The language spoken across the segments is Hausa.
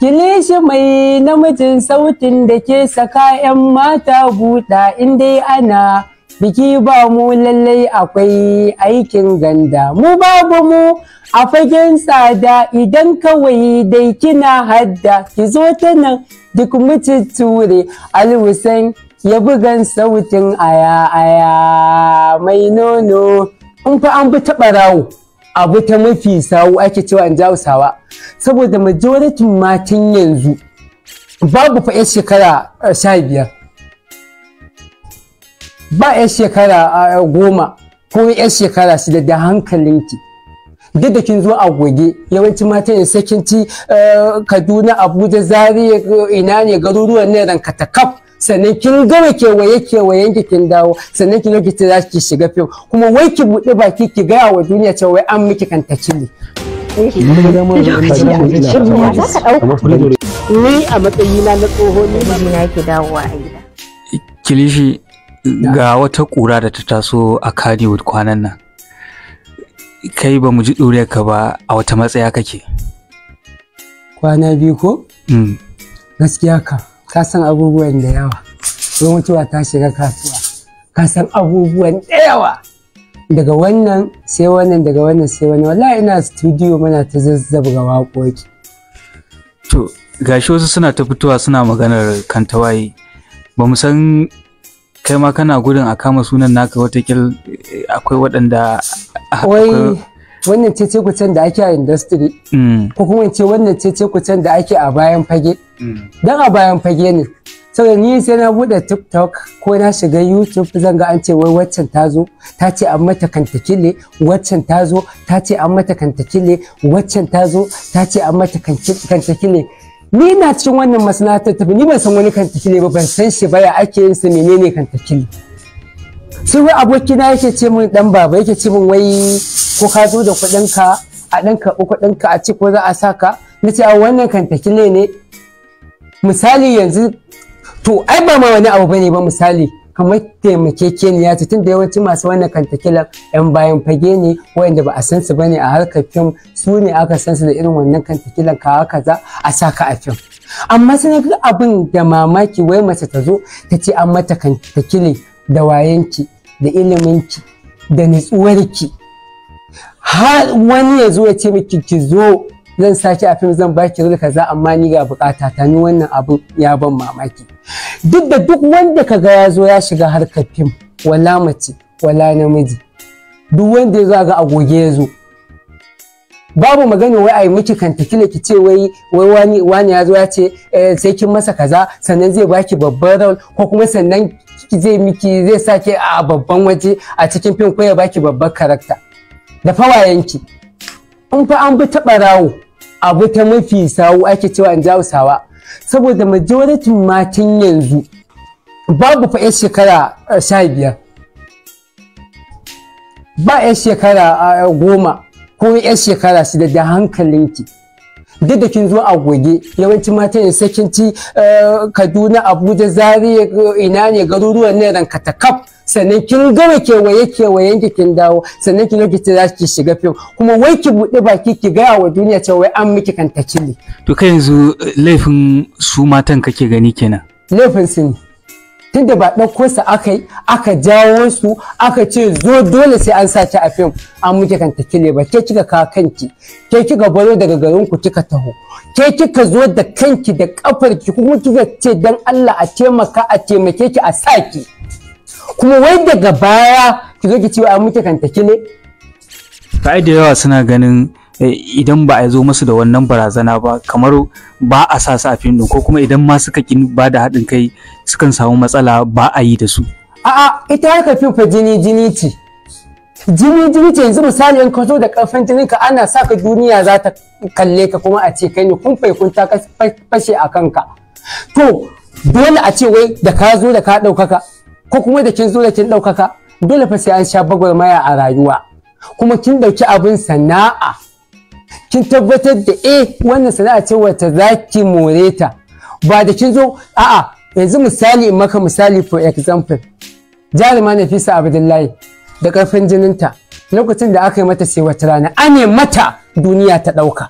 Kile shi mai namijin sautin da ke saka 'yan mata buɗa in dai ana biki ba mu lallai akwai aikin ganda. Mu babu mu a fagen tsada idan kawai dai kina hadda ki zo ta nan duk mutu alwusan ya bugan sautin aya aya mai nono in fa an bi taɓa rawo. abu ta mafi sawu ake cewa in jawo sawa saboda majoratin matan yanzu babu fa shekara eh, sha biyar ba 'yar shekara eh, goma ko 'yar shekara shida da hankalinki duk da kin zo a goge yawancin matan yanzu sai eh, kaduna abuja zaria ina ne garuruwan ne katakaf? sannan kin gama kewaye kewayen ki kin dawo sannan kin lokaci za ki shiga fim kuma wai ki buɗe baki ki gaya wa duniya cewa wai an miki kanta ne. Ni a matsayina na tsoho ne mijina yake dawowa a gida. Kilishi ga wata ƙura da ta taso a Kannywood kwanan nan. Kai ba mu ji ɗure ka ba a wata matsaya kake. Kwana biyu ko? Mm. Gaskiya ka. ka san abubuwan da yawa don mutuwa ta shiga kasuwa ka san abubuwan da yawa daga wannan sai wannan daga wannan sai wannan wallahi ina studio muna ta ga waƙoƙi to gashi wasu suna ta fitowa suna maganar tawaye, ba mu san kai ma kana gudun a kama sunan naka watakil eh, akwai waɗanda wai wannan ce kucen da ake a industry mm. ko kuma ce wannan ce kucen da ake a bayan fage mm. dan a bayan fage ne saboda ni sai na bude tiktok ko na shiga youtube zan ga an ce wai waccan ta zo ta ce an mata kantakile waccan ta zo ta ce an mata kantakile waccan ta zo ta ce an mata kantakile ni na cikin wannan masana'antar tafi ni ban san wani kantakile ba ban san shi ba ya ake yin su menene kantakile sai wai abokina yake ce min dan baba yake ce min wai ko ka zo da kuɗinka a ɗan karɓi ka a ce ko za a saka na ce a wannan kan tafi ne misali yanzu to ai ba ma wani abu bane ba misali kamar taimakekeniya ce tun da yawancin masu wannan kantakilan yan bayan fage ne wanda ba a san su bane a harkar fim su ne aka san su da irin wannan ka kawa za a saka a fim amma sai ga abin da mamaki wai mace ta zo ta ce an mata kantakile da wayanki da iliminki da nutsuwarki har wani ya zo ya ce miki ki zo zan sake a fim zan baki zuwa kaza amma ni ga bukata ta ni wannan abin ya ban mamaki duk da duk wanda kaga ya zo ya shiga harkar fim wala mace wala namiji duk wanda ya zo ga goge ya zo babu magana wai a yi miki kantakila ki ce wai wai wani wani ya zo ya ce eh, sai kin masa kaza sannan zai baki babban role ko kuma sannan zai miki zai sake a babban waje a cikin fim ko ya baki babban karakta da fawayenki in fa an bi ta ɓarawo abu ta mafi sawu ake cewa in jawo sawa saboda majoratin matan yanzu babu fa 'yan shekara eh, sha biyar ba 'yan shekara eh, goma ko 'yan shekara shida da hankalinki duk da kin zo a goge yawancin matan yanzu sakinci eh, kaduna abuja zaria ina ne garuruwan ne rankata kaf sannan kin gama kewaye kewayen kin dawo sannan kin ki ce ki shiga fim kuma wai ki buɗe baki ki gaya wa duniya cewa wai an miki kan kili to kai yanzu eh, laifin su matan kake gani kenan laifin su ne tunda ba ɗauko su aka yi aka jawo su aka ce zo dole sai an sace a fim an miki kan takile ba ke kika ka kanki ke kika baro daga garin ku kika taho ke kika zo da kanki da kafarki ki kuma kika ce dan Allah a taimaka a taimake ki a saki kuma wai daga baya ki zo ki cewa wa muke kantaki ne kai da yawa suna ganin eh, idan ba a zo musu da wannan barazana ba kamar ba a sa su a ko kuma idan ma suka kin ba da haɗin kai sukan samu matsala ba a yi da su a'a ita harkar fim fa jini jini ce jini jini ce yanzu misali in ka zo da karfin jinin ka ana sa ka duniya za ta kalle ka kuma a ce kai ne kun fai kun ta fashe a kanka to dole a ce wai da ka zo da ka ɗaukaka ko kuma da kin zo da kin ɗaukaka dole fa sai an sha maya a rayuwa kuma kin ɗauki abin sana'a kin tabbatar da eh wannan sana'a ce wata za ki more ta ba da kin zo a'a yanzu misali in maka misali for example jarima nafisa abdullahi da ƙarfin jininta lokacin da aka yi mata sai wata rana ane mata duniya ta ɗauka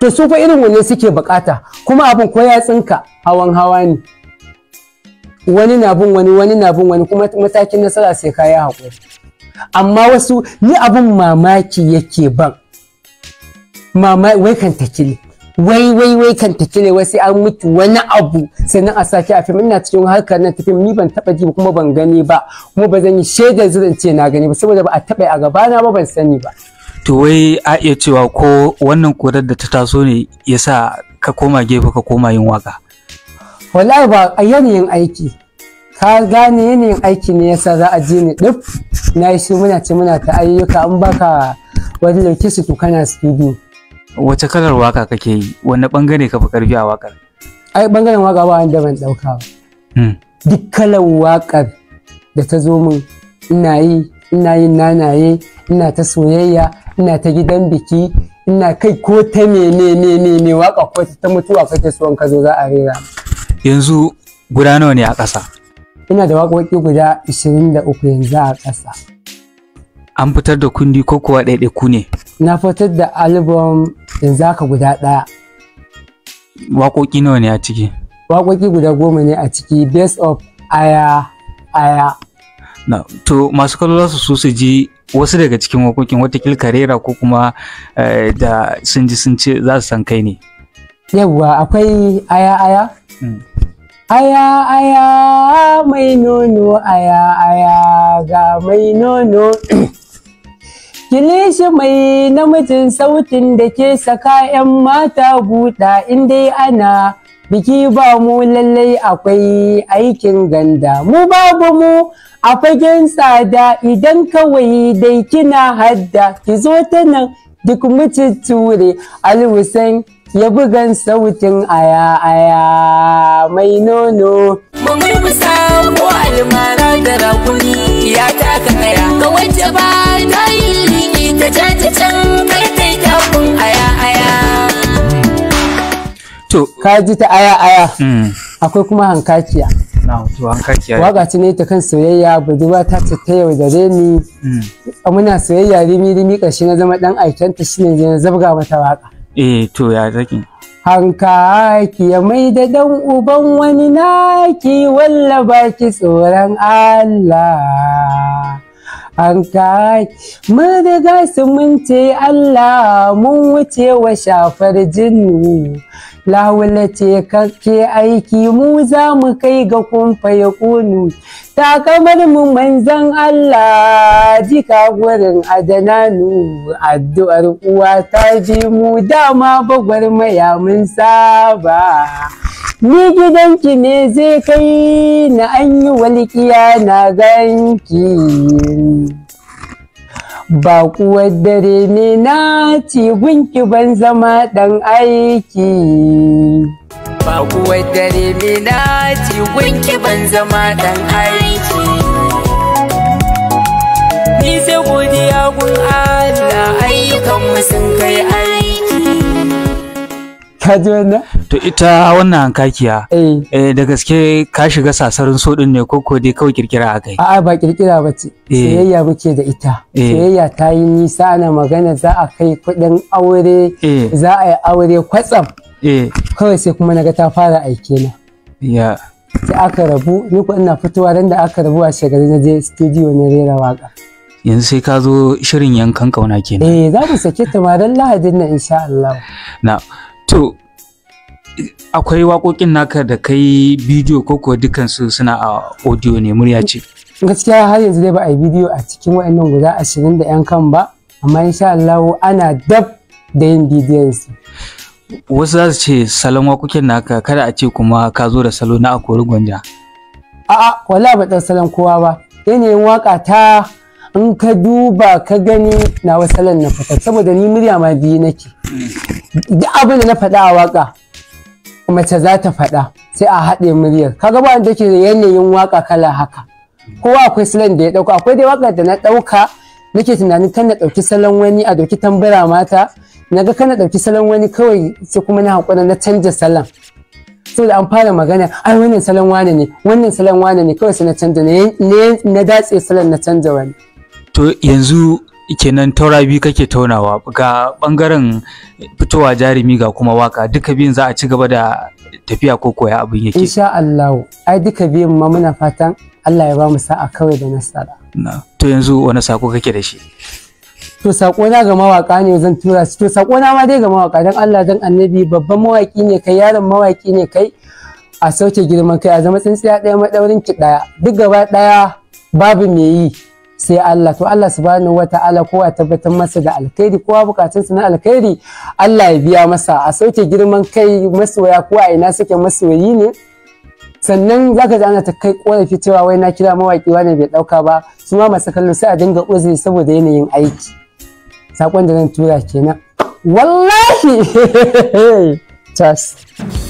to su fa irin wanne suke bukata kuma abin ko ya tsinka hawan hawa ne wani na bin wani wani na bin wani kuma matakin nasara sai kaya hakuri haƙuri amma wasu ni abin mamaki yake ban mama wai kan wai wai wai kan takile wai sai an mutu wani abu sannan a sake a fim ina cikin harkar nan tafi ni ban taba ji kuma ban gani ba kuma ba zan yi shaidar zan ce na gani ba saboda ba a taba a gabana ba ban sani ba to wai a iya cewa ko wannan korar da ta taso ne yasa ka koma gefe ka koma yin waka wallahi ba a yanayin aiki ka gane yanayin aiki ne yasa za a je ni duk? na yi shi muna ce muna ta ayyuka an baka wani lauki su to kana studio wace kalar waka kake yi wani bangare ka fi karfi a wakar ai bangaren waka ba wanda ban dauka ba hmm. duk kalar wakar da ta zo min ina yi ina yin nanaye ina ta soyayya ina ta gidan biki ina kai ko ta ne ne ne waka ko ta mutuwa kake so in ka zo za a rera yanzu guda nawa ne a ƙasa ina da waƙoƙi guda 23 yanzu a ƙasa an fitar da kundi ko kuwa ɗaiɗaiku ne na fitar da album yanzu haka guda ɗaya waƙoƙi nawa ne a ciki waƙoƙi guda goma ne a ciki best of aya aya na to masu kallon su so su ji wasu daga cikin waƙoƙin watakil karera ko kuma eh, da sun ji sun ce za su san kai ne yawwa akwai aya aya Aya aya mai nono aya aya ga mai nono. Kilishi mai namijin sautin da ke saka 'yan mata buɗa in dai ana biki ba mu lallai akwai aikin ganda. Mu babu mu a fagen tsada idan kawai dai kina hadda ki zo ta nan duk mutu ture alwusan ya bugan sautin aya aya mai nono. Mungurmusa ko almara da rakuni ya taka kaya Ka wacce ba ta yi liki ta jaji can kai kai takun aya aya. To, ka ji ta aya aya. Hmm. Akwai kuma hankakiya. Waga ce ne ta kan soyayya ba ta ce ta yaudare ni. Hmm. Muna soyayya rimi rimi ƙarshe na zama ɗan aikenta shi ne zabga mata waka. eh to ya zaki ki ya mai da dan uban wani naki walla baki tsoron Allah an kai mun riga mun ce Allah mun wuce wa shafar jinnu lawula ce kake aiki mu za mu kai ga kumfa ya kunu takamar mu manzan Allah jika gurin adananu addu'ar uwa ta ji mu dama bagwar maya mun saba ni gidanki ne zai kai na an yi walƙiya na ganki ba kuwa dare ne na ce gunki ban zama ɗan aiki ba kuwa dare ne na ce gunki ban zama ɗan aiki ni sai godiya gun Allah ayyukanmu sun kai aiki ka ji wannan to ita wannan hankakiya eh. eh da gaske ka shiga sasarin so din ne koko dai kawai kirkira akai a'a ba kirkira bace eh. soyayya muke da ita eh. soyayya ta yi nisa na magana za a kai kuɗin aure za a yi aure kwatsam kawai sai kuma naga ta fara aike na ya sai aka rabu ni ko ina fitowa dan da aka rabu a shekaru na je studio na rera waka yanzu sai ka zo shirin yankan kauna kenan eh za mu sake ta lahadin nan insha Allah na'am to akwai waƙoƙin naka da kai bidiyo ko kuwa dukansu suna a audio ne murya ce gaskiya har yanzu dai ba a yi bidiyo a cikin waɗannan guda ashirin da yan kan ba amma insha Allah ana dab da yin bidiyon wasu za su ce salon wakokin naka kada a ce kuma ka zo da salo na akori gwanja a'a wala ba ɗan salon kowa ba yanayin waƙa ta in ka duba ka gani na wasalan na fita saboda ni murya ma biyu nake duk abin da na faɗa a waka mace za ta faɗa sai a haɗe muryar kaga ba wanda ke yanayin waka kala haka kowa akwai salon da ya ɗauka akwai dai waka da na ɗauka nake tunanin kan na ɗauki salon wani a ɗauki tambura mata na ga kana ɗauki salon wani kawai sai kuma na haƙura na canja salon saboda an fara magana ai wannan salon wane ne wannan salon wane ne kawai sai na canja na datse salon na canja wani to yanzu kenan taura biyu kake taunawa ga bangaren fitowa jarumi ga kuma waka duka biyun za a ci gaba da tafiya ko koya abin yake insha Allah ai duka biyun ma muna fatan Allah ya ba mu sa'a kawai da nasara na to yanzu wani sako kake da shi to sako na ga mawaka ne zan tura shi to sako na ma dai ga mawaka dan Allah dan annabi babban mawaki ne kai yaron mawaki ne kai a sauke girman kai a zama tsintsiya ɗaya madaurin ki ɗaya duk gaba ɗaya babu me yi sai Allah to Allah subhanahu wata'ala kowa ya tabbatar masa da alkhairi kowa bukatun su na alkhairi Allah ya biya masa a sauke girman kai masoya ko a ina suke masoyi ne sannan zaka ji ana ta kai korafi cewa wai na kira mawaki wani bai dauka ba su ma masu kallo sai a dinga uzuri saboda yanayin aiki sakon da zan tura kenan wallahi Just.